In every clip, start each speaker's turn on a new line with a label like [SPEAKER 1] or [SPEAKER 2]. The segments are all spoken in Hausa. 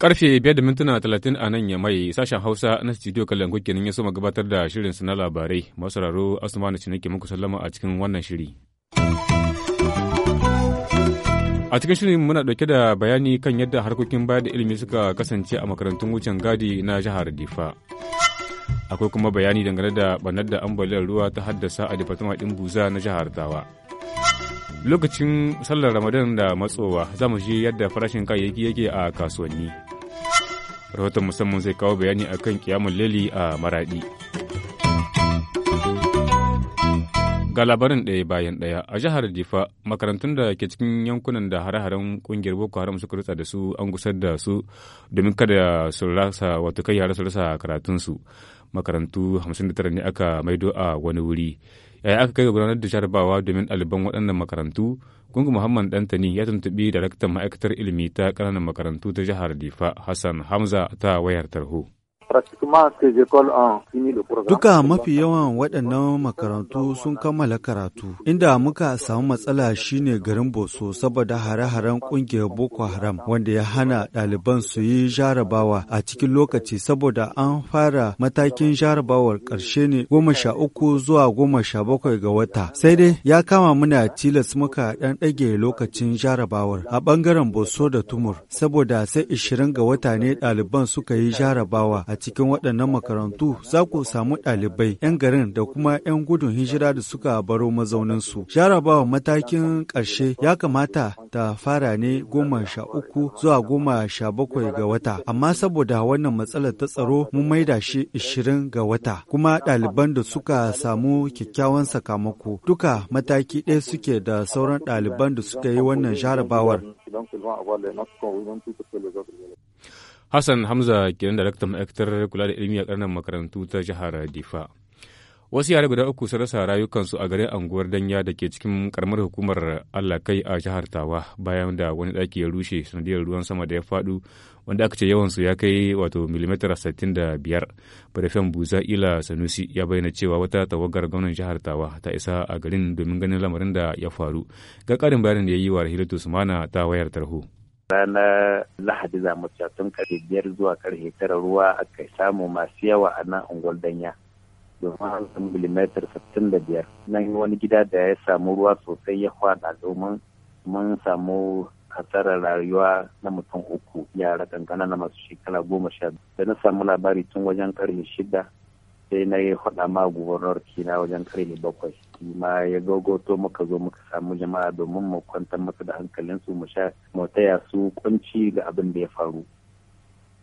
[SPEAKER 1] Karfe biyar da mintuna talatin a nan ya mai sashen Hausa na studio Kalangu kenan ya soma gabatar da shirin na labarai. Masararo Asmanu Cinike muku sallama a cikin wannan shiri. A cikin shirin muna ɗauke da bayani kan yadda harkokin bayar da ilimi suka kasance a makarantun wucin gadi na jihar Difa. akwai kuma bayani dangane da banar da ambaliyar ruwa ta haddasa a departama ɗin buza na jihar tawa lokacin sallar ramadan da matsowa za mu ji yadda farashin kayayyaki yake a kasuwanni rahoton musamman zai kawo bayani a kan kiyamun leli a maraɗi. ga labarin ɗaya bayan ɗaya a jihar difa makarantun da ke cikin yankunan da hare-haren ƙungiyar boko haram suka rutsa da su an gusar da su domin kada su rasa watakai kai yara su rasa karatunsu makarantu 59 ne aka maido a wani wuri yaya aka kai ga gudanar da jarabawa domin ɗaliban waɗannan makarantu gungun muhammad dantani ya tuntuɓi daraktan ma'aikatar ilimi ta ƙananan makarantu ta jihar difa hassan hamza ta wayar
[SPEAKER 2] tarho Duka mafi yawan waɗannan makarantu sun kammala karatu, inda muka samu matsala shine garin Boso saboda hare-haren ƙungiyar Boko Haram wanda ya hana ɗaliban su yi jarabawa a cikin lokaci saboda an fara matakin jarabawar ƙarshe ne goma sha uku zuwa goma sha bakwai ga wata. Sai dai ya kama muna tilas muka ɗan ɗage lokacin jarabawar a ɓangaren Boso da Tumur saboda sai ishirin ga wata ne ɗaliban suka yi jarabawa cikin waɗannan makarantu za ku samu ɗalibai 'yan garin da kuma 'yan gudun hijira da suka baro mazauninsu. Jarabawa matakin ƙarshe ya kamata ta fara ne goma sha uku zuwa goma sha bakwai ga wata, amma saboda wannan matsalar ta tsaro mun maida shi ishirin ga wata, kuma ɗaliban da suka samu kyakkyawan sakamako duka mataki ɗaya suke da sauran ɗaliban da suka yi wannan jarabawar.
[SPEAKER 1] Hassan Hamza kenan daraktan ma'aikatar kula da ilimi a ƙarnan makarantu ta jihar Difa. Wasu yare guda uku sun rasa rayukansu a garin anguwar Danya da ke cikin karamar hukumar Allah kai a jihar Tawa bayan da wani ɗaki ya rushe sanadiyar ruwan sama da ya faɗu wanda aka ce yawansu ya kai wato milimitara sittin da biyar. Barfen Buza Ila Sanusi ya bayyana cewa wata tawagar gwamnan jihar Tawa ta isa a garin domin ganin lamarin da ya faru. Ga ƙarin bayanin da ya yi wa Rahilatu Sumana ta wayar tarho. ranar lahadi za mu tun karfe biyar zuwa karfe tara ruwa aka samu masu yawa a nan unguwar danya domin an san milimetar sittin da biyar nan wani gida da ya samu ruwa sosai ya kwada domin mun samu hasarar rayuwa na mutum uku yara kankana na masu shekara goma sha da na samu labari tun wajen karfe shida sai na yi faɗa ma gubernur kina wajen karni bakwai ma ya gogoto muka zo muka samu jama'a domin mu kwantar masu da hankalinsu mu sha mu taya su kunci ga abin da ya faru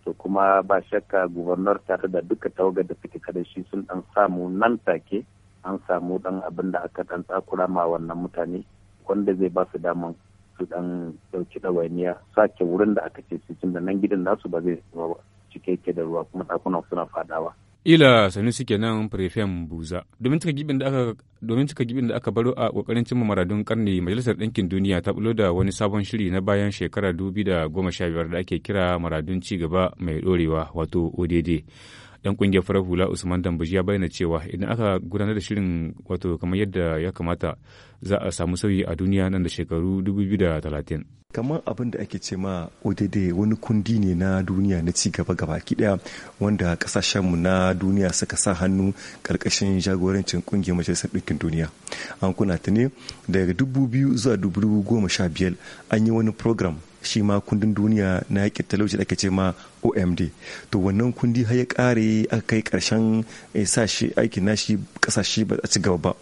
[SPEAKER 1] to kuma ba shakka gubernur tare da duka tawaga da fita da shi sun dan samu nan take an samu dan abin da aka dan tsakura ma wannan mutane wanda zai ba su daman su dan dauki a sake wurin da aka ce su tunda da nan gidan nasu ba zai ba cike yake da ruwa kuma dakunan suna fadawa ila sanu suke nan prefen buza domin cika gibin da aka baro a kokarin cimma maradun karni majalisar ɗinkin duniya ta bulo da wani sabon shiri na bayan shekara 2015 da ake kira maradun ci gaba mai ɗorewa wato ODD dan kungiyar farar hula usman dambaji ya bayyana cewa idan aka gudanar da shirin wato kamar yadda ya kamata za a samu sauyi a duniya nan da shekaru 2030
[SPEAKER 3] kamar abin da ake ce ma odede wani kundi ne na duniya na ci gaba gaba daya wanda kasashenmu na duniya suka sa hannu karkashin jagorancin kungiyar majalisar ɗinkin duniya an kuna ta ne daga 2000 zuwa sha biyar an yi wani program shi ma kundin duniya na yaƙi talauci da ake ce ma omd to wannan kundi har ya ƙare aka kai ƙarshen eh, sa shi aikin nashi ƙasashe ba a ci gaba ba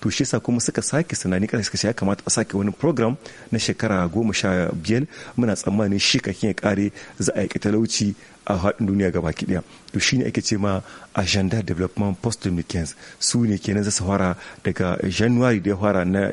[SPEAKER 3] to shi sa kuma suka sake sanani ƙasashe suka ya kamata a sake wani program na shekara goma sha biyar muna tsammanin shi kakin ya ƙare za a yaƙi talauci a haɗin duniya gaba ɗaya to shine ake ce ma agenda development post 2015 su ne kenan zasu fara daga january da ya fara na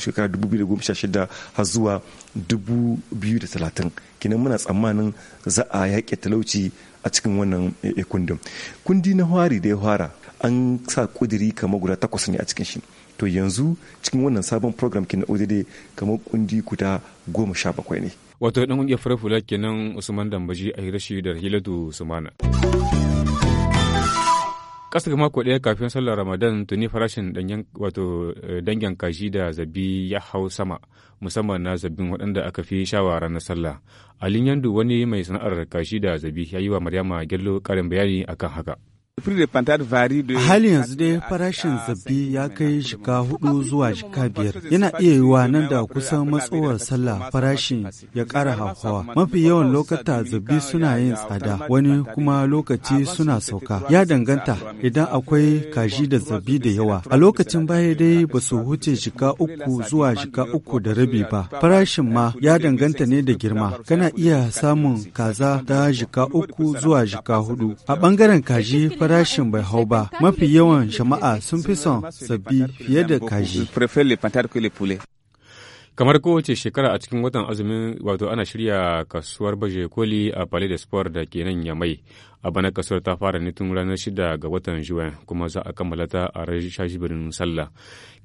[SPEAKER 3] shekara 2016 har zuwa 2030 kenan muna tsammanin za a yaƙe talauci a cikin wannan e, e, kundin kundi na hwari da ya fara an sa kudiri kamar guda takwas ne a cikin shi to yanzu cikin wannan sabon program kenan na kamar kundi guda goma sha bakwai ne
[SPEAKER 1] wato dan kungiyar farfula fula kenan usman dambaji a hirashi da hilatu sumana kasa ga mako ɗaya kafin sallar ramadan tuni farashin wato eh, dangin kaji da zabi ya hau sama musamman na zabin waɗanda aka fi shawa ranar sallah alin yandu wani mai sana'ar kaji da zabi ya yi wa maryama gello ƙarin bayani akan haka
[SPEAKER 2] hali yanzu dai farashin zabi ya kai shika hudu zuwa shika biyar yana iya yiwa nan da kusan matsowar sallah farashin ya ƙara hauhawa mafi yawan lokata zabbi suna yin tsada wani kuma lokaci suna sauka ya danganta idan akwai kaji da zabi da yawa a lokacin baya dai ba su huce shika uku zuwa shika uku da rabi ba farashin ma ya danganta ne da girma kana iya samun kaza ta shika uku zuwa hudu a ɓangaren kaji farashin bai hau ba, mafi yawan jama'a sun fi son sabbi fiye da kaji.
[SPEAKER 1] Kamar kowace shekara a cikin watan azumin wato ana shirya kasuwar baje koli a Palais de Sport da ke nan Yamai. A bana kasuwar ta fara ne tun ranar shida ga watan juin kuma za a kammala ta a birnin Sallah.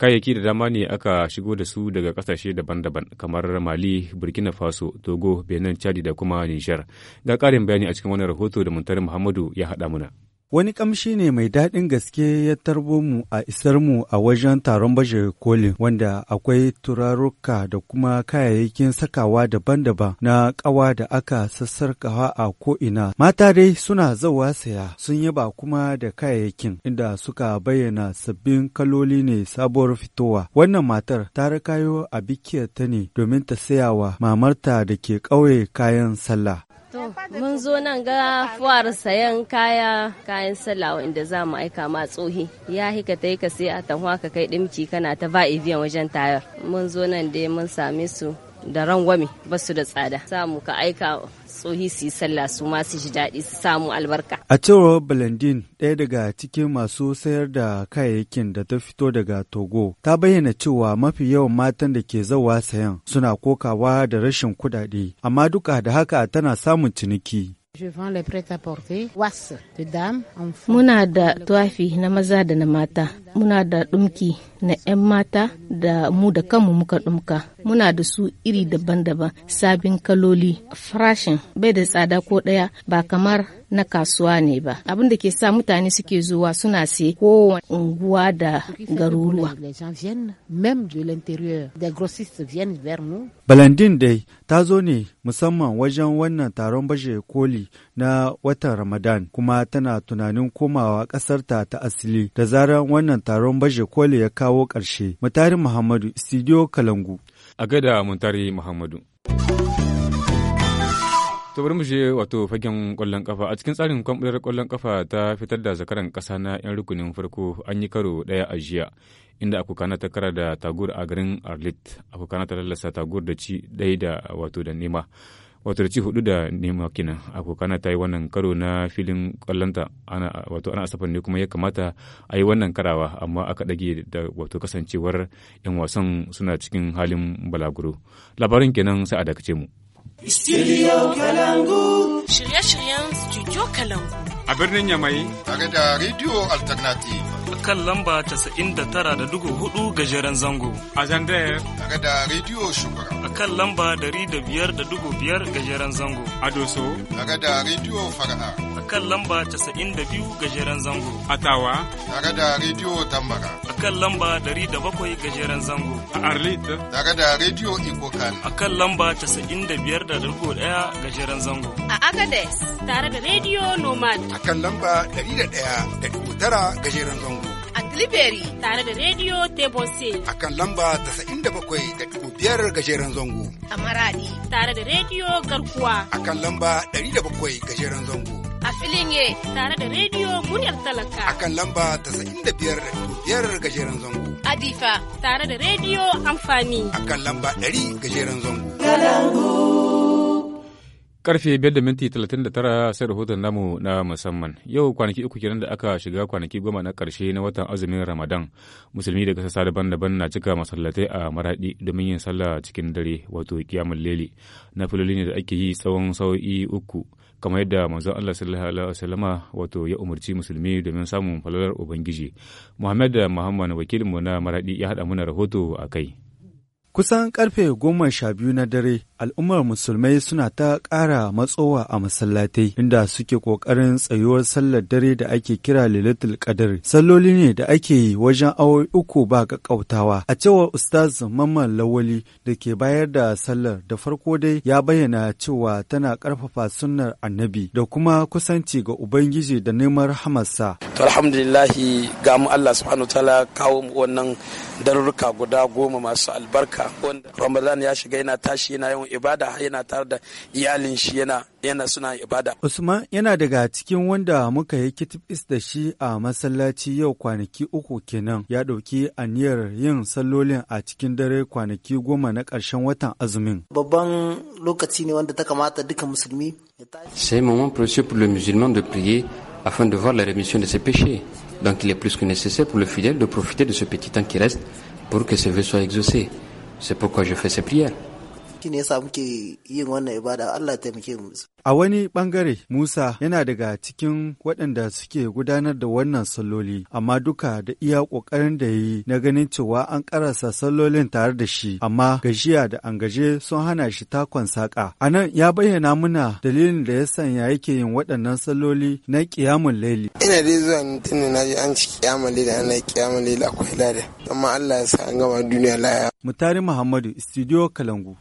[SPEAKER 1] Kayayyaki da dama ne aka shigo da su daga kasashe daban-daban kamar Mali, Burkina Faso, Togo, Benin, Chadi da kuma niger Ga ƙarin bayani a cikin wani rahoto da Muntari Muhammadu ya haɗa muna.
[SPEAKER 2] Wani kamshi ne mai daɗin gaske ya tarbo mu a isar mu a wajen taron baje kolin wanda akwai turaruka da kuma kayayyakin sakawa daban-daban na ƙawa da aka sassarkawa a ko'ina. Mata dai suna zawa saya sun yaba kuma da kayayyakin inda suka bayyana sabbin kaloli ne sabuwar fitowa. Wannan matar ta rikayo a bikiyarta ne domin ta sayawa mamarta da ke ƙauye kayan sallah.
[SPEAKER 3] To, mun zo nan ga fuwar sayan kaya kayan sallah wanda za mu aika ma tsohi. Ya hika ta yi ka sai a tanwa ka kai dimci kana ta ba ibiyan wajen tayar. Mun zo nan dai mun same su da rangwami ba su da tsada. Samu ka aika tsohi su yi sallah su ma su ji daɗi su samu albarka.
[SPEAKER 2] A cewar Blandin ɗaya daga cikin masu sayar da kayayyakin da ta fito daga Togo ta bayyana cewa mafi yawan matan da ke zauwa sayan suna kokawa da rashin kuɗaɗe amma duka da haka tana samun ciniki.
[SPEAKER 3] Muna da tuwafi na maza da na mata muna da ɗumki na 'yan mata da mu da kanmu muka ɗumka muna da su iri daban-daban sabin kaloli farashin bai da tsada ko ɗaya ba kamar na kasuwa ne ba abin da ke sa mutane suke zuwa suna sai kowane unguwa da garuruwa
[SPEAKER 2] balandin dai ta zo ne musamman wajen wannan taron bashe koli na watan ramadan kuma tana tunanin komawa ƙasarta ta asili da zarar wannan wannan taron baje koli ya kawo ƙarshe. Mutari Muhammadu, Studio Kalangu.
[SPEAKER 1] A gaida Mutari Muhammadu. to bari mu wato fagen kwallon kafa a cikin tsarin kwamfutar kwallon kafa ta fitar da zakaran kasa na yan rukunin farko an yi karo daya a jiya inda akukana ta kara da tagur a garin arlit kana ta lallasa tagur da ci daya da wato da nema wato da ci hudu da nema kenan abokana ta yi wannan karo na filin kwallonta ana wato ana asafar ne kuma ya kamata a yi wannan karawa amma aka dage da wato kasancewar yan wasan suna cikin halin balaguro labarin kenan sai a dakace mu
[SPEAKER 3] Studio Kalangu. Shirye-shiryen Studio Kalangu.
[SPEAKER 2] A birnin Yamai. Tare da Radio Alternative. kan lamba 99.4
[SPEAKER 1] gajeren zango. A zandaya
[SPEAKER 2] Tare da Radio Shugaba. a kan lamba dari da da biyar ga gajeren zango. A Doso. Daga da Rediyo Fara'a. A kan
[SPEAKER 1] lamba casa'in da biyu gajeren zango. A Tawa.
[SPEAKER 2] Daga da Rediyo Tambara.
[SPEAKER 1] A kan lamba dari da bakwai gajeren zango. A Arlit. Daga da Rediyo Ikokan. A kan lamba
[SPEAKER 2] casa'in da da biyar 95.1 gajeren zango.
[SPEAKER 3] A Agades. Tare da Rediyo Nomad.
[SPEAKER 2] A kan lamba dari da da ga gajeren zango.
[SPEAKER 3] Liberi tare da Radio Debose.
[SPEAKER 2] A kan lamba 97.5 gajeren zango.
[SPEAKER 3] A Maradi tare da Radio Garkuwa.
[SPEAKER 2] A kan lamba 107 gajeren zango.
[SPEAKER 3] A Filinge tare da Radio Muryar Talaka. A
[SPEAKER 2] kan lamba 95.5 gajeren zango.
[SPEAKER 3] A Difa tare da Radio Amfani. A kan lamba
[SPEAKER 2] 100 gajeren zango. Kalangu.
[SPEAKER 1] Karfe biyar da da minti talatin tara sai rahoton namu na musamman. Yau kwanaki uku kenan da aka shiga kwanaki goma na karshe na watan azumin Ramadan. Musulmi daga sassa daban-daban na cika masallatai a maraɗi domin yin sallah cikin dare wato kiyamul leli. Na filoli ne da ake yi tsawon sau'i uku kamar yadda manzon Allah sallallahu alaihi wasallama wato ya umarci musulmi domin samun falalar ubangiji. Muhammad Muhammad wakilinmu na maraɗi ya hada mana rahoto a kai.
[SPEAKER 2] Kusan karfe goma sha biyu na dare, al'ummar musulmai suna ta ƙara matsowa a masallatai inda suke ƙoƙarin tsayuwar sallar dare da ake kira Lailatul Qadr. Salloli ne da ake yi wajen awowi uku ba ƙaƙƙautawa. A cewar Ustaz Mamman Lawali da ke bayar da sallar da farko dai ya bayyana cewa tana ƙarfafa sunnar Annabi da kuma kusanci ga Ubangiji da neman rahamarsa. to alhamdulillah ga mu Allah subhanahu wa ta'ala kawo mu wannan darurruka guda goma masu albarka wanda Ramadan ya shiga yana tashi yana yawan ibada yana tare da iyalin shi yana yana suna ibada Usman yana daga cikin wanda muka yi kitibis da shi a masallaci yau kwanaki uku kenan ya ɗauki aniyar yin sallolin a cikin dare kwanaki goma na ƙarshen watan azumin
[SPEAKER 3] babban lokaci ne wanda ta kamata duka musulmi ya
[SPEAKER 1] tashi C'est un moment précieux pour le musulman de prier afin de voir la rémission de ses péchés. Donc il est plus que nécessaire pour le fidèle de profiter de ce petit temps
[SPEAKER 2] qui reste pour que ses vœux soient exaucés. C'est pourquoi je fais ces prières.
[SPEAKER 3] Shi ne yasa muke
[SPEAKER 2] yin wannan ibada Allah ya taimake mu. A wani bangare Musa yana daga cikin waɗanda suke gudanar da wannan saloli, amma duka da iya ƙoƙarin da yi na ganin cewa an ƙarasa salolin tare da shi amma gajiya da an gaje sun hana shi takon saƙa. A nan ya bayyana muna dalilin da ya sanya yake yin waɗannan salloli na ƙiyamun laili.
[SPEAKER 1] Ina dai zuwa tunda na ji an ci ƙiyamun laili ana ƙiyamun laili akwai lada
[SPEAKER 2] amma Allah ya sa an gama duniya laya. Mutari Muhammadu Studio Kalangu.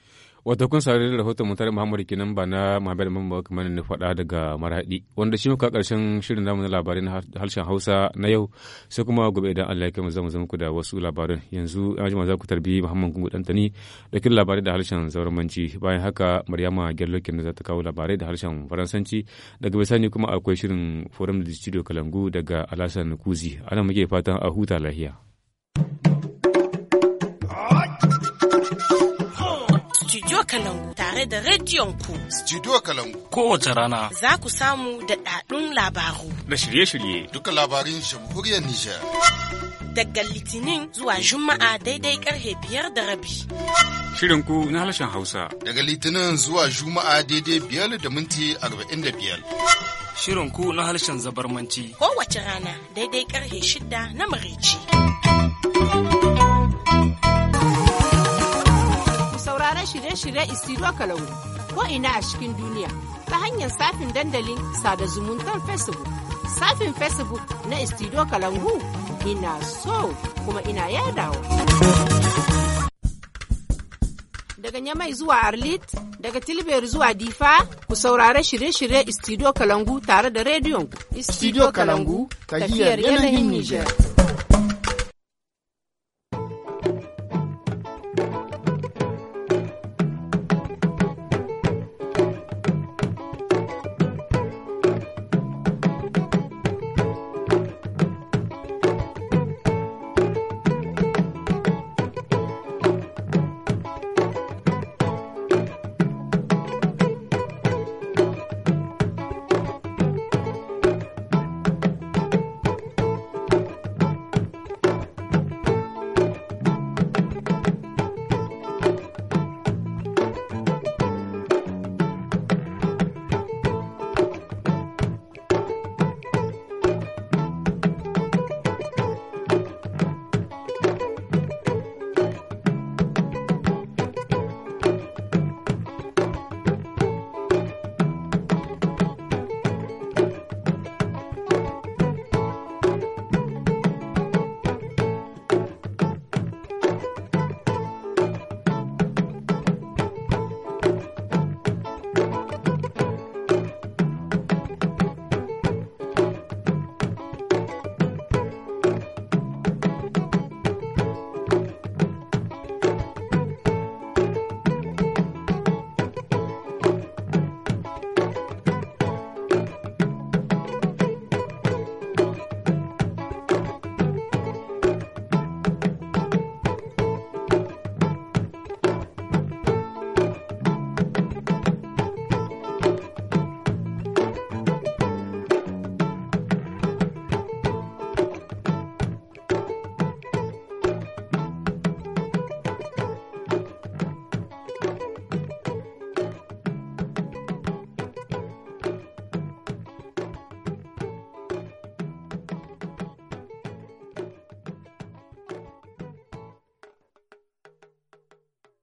[SPEAKER 2] Wato kun
[SPEAKER 1] saurari rahoton mutane Muhammadu kenan ba na Muhammad Mamba kamar na faɗa daga Marhaɗi wanda shi muka karshen shirin namu na labarai na harshen Hausa na yau sai kuma gobe idan Allah ya kai mu zama zama ku da wasu labarin yanzu an jima za ku tarbi muhammadu Gungu dan tani daukin labarai da harshen Zaurumanci bayan haka Maryama Gello kenan za ta kawo labarai da harshen Faransanci daga bisani kuma akwai shirin Forum da Studio Kalangu daga Alasan Kuzi ana muke fatan a huta lahiya.
[SPEAKER 3] Kalangu tare da rediyon ku.
[SPEAKER 2] Studio Kalangu. Kowace rana.
[SPEAKER 3] Za ku samu da ɗaɗun labaru.
[SPEAKER 2] Da shirye-shirye. Duka labarin jamhuriyar Nijar.
[SPEAKER 3] Daga Litinin zuwa Juma'a daidai karfe biyar da rabi.
[SPEAKER 2] Shirin ku na halashen Hausa. Daga Litinin zuwa Juma'a daidai biyar da minti arba'in da biyar. Shirin ku na halashen zabarmanci.
[SPEAKER 3] Kowace rana daidai karfe shida na you sauran shirye-shirye isiruwa Kalau ko ina a cikin duniya ta hanyar safin dandalin sada zumuntar Facebook. Safin Facebook na Isiro Kalangu ina so kuma ina yadawa. Daga Nyamai zuwa Arlit, daga Tilber zuwa Difa, ku saurare shirye-shirye studio Kalangu tare da rediyon studio Kalangu, tafiyar yanayin Nijar.